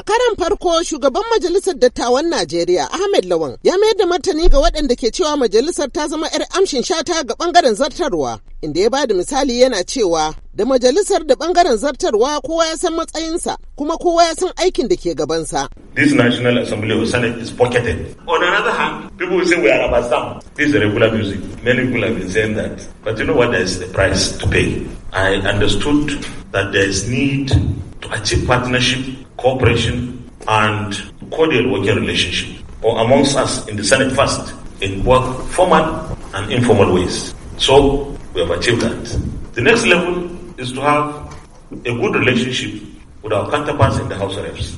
A karan farko shugaban majalisar dattawan Najeriya Ahmed Lawan ya mayar da martani ga waɗanda ke cewa majalisar ta zama 'yar amshin shata ga ɓangaren zartarwa, inda ya ba da misali yana cewa da majalisar da ɓangaren zartarwa kowa ya san matsayinsa kuma kowa ya san aikin da ke gabansa. This National Assembly of Senate is pocketed. On another hand, people say we are This is regular music. Many people have been saying But you know what is the price to pay? I understood that there is need to achieve partnership cooperation, and cordial working relationship, or amongst us in the Senate first, in both formal and informal ways. So we have achieved that. The next level is to have a good relationship with our counterparts in the House of Reps.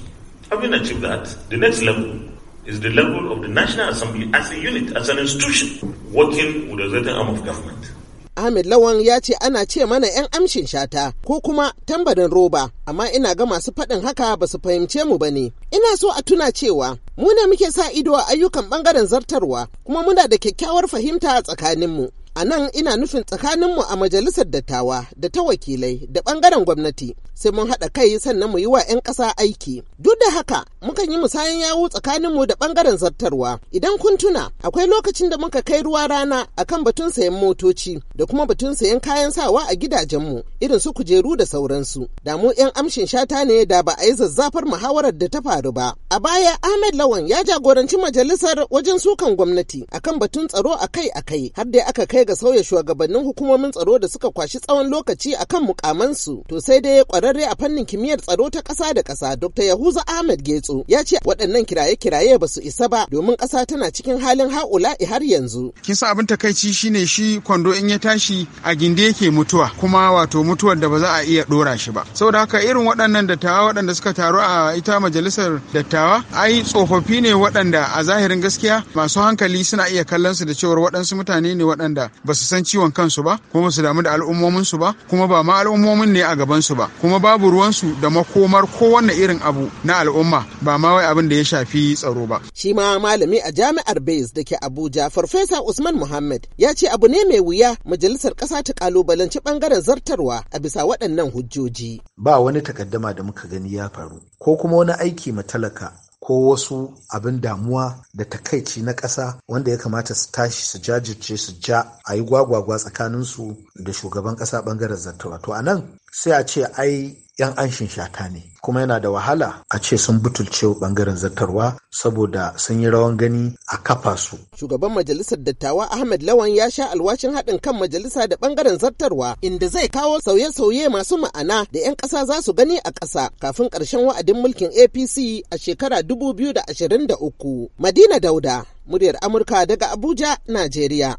Having achieved that, the next level is the level of the National Assembly as a unit, as an institution, working with the certain arm of government. Ahmed Lawan ya ce ana ce mana 'yan amshin shata ko kuma tambarin roba, amma ina ga masu faɗin haka ba su fahimce mu ba ne. Ina so a tuna cewa mu ne muke sa ido a ayyukan ɓangaren zartarwa kuma muna da kyakkyawar fahimta a tsakaninmu. A nan ina nufin tsakaninmu a majalisar dattawa da ta wakilai da ɓangaren gwamnati. sai mun haɗa kai sannan mu yi wa 'yan ƙasa aiki. Duk da haka mukan yi musayan yawo tsakanin mu da ɓangaren zartarwa. Idan kun tuna akwai lokacin da muka kai ruwa rana akan batun sayan motoci da kuma batun sayan kayan sawa a gidajenmu irin su kujeru da sauransu. Da mu 'yan amshin shata ne da ba a yi zazzafar muhawarar da ta faru ba. A baya Ahmed Lawan ya jagoranci majalisar wajen sukan gwamnati akan batun tsaro akai-akai har da aka kai ga sauya shugabannin hukumomin tsaro da suka kwashi tsawon lokaci akan mukamansu to sai dai ya kwararre a fannin kimiyyar tsaro ta ƙasa da ƙasa Dr. Yahuza Ahmed Getso ya ce waɗannan kiraye-kiraye ba su isa ba domin ƙasa tana cikin halin ha'ula har yanzu. Kin san abin takaici shine shi kwando in ya tashi a ginde yake mutuwa kuma wato mutuwar da ba za a iya ɗora shi ba. Saboda haka irin waɗannan dattawa waɗanda suka taru a ita majalisar dattawa ai tsofaffi ne waɗanda a zahirin gaskiya masu hankali suna iya kallon su da cewar waɗansu mutane ne waɗanda ba su san ciwon kansu ba kuma su damu da al'ummomin su ba kuma ba ma al'ummomin ne a gaban su ba kuma kuma babu ruwansu da makomar kowanne irin abu na al'umma ba ma wai abin da ya shafi tsaro ba. Shi ma malami a jami'ar Bayes da ke Abuja Farfesa Usman Muhammad ya ce abu ne mai wuya majalisar ƙasa ta kalubalanci ɓangaren zartarwa a bisa waɗannan hujjoji. Ba wani takaddama da muka gani ya faru ko kuma wani aiki ma talaka ko wasu abin damuwa da takaici na ƙasa wanda ya kamata su tashi su jajirce su ja a yi gwagwagwa tsakaninsu da shugaban ƙasa ɓangaren zartarwa to a nan sai a ce ai yan anshin shata ne kuma yana da wahala a ce sun butulce bangaren zartarwa saboda sun yi rawan gani a kafa su. Shugaban majalisar dattawa Ahmed Lawan ya sha alwashin haɗin kan majalisa da bangaren zartarwa inda zai kawo sauye-sauye masu ma'ana da 'yan ƙasa za su gani a ƙasa kafin ƙarshen wa'adin mulkin APC a shekara uku Madina Dauda, muryar Amurka daga Abuja, Najeriya.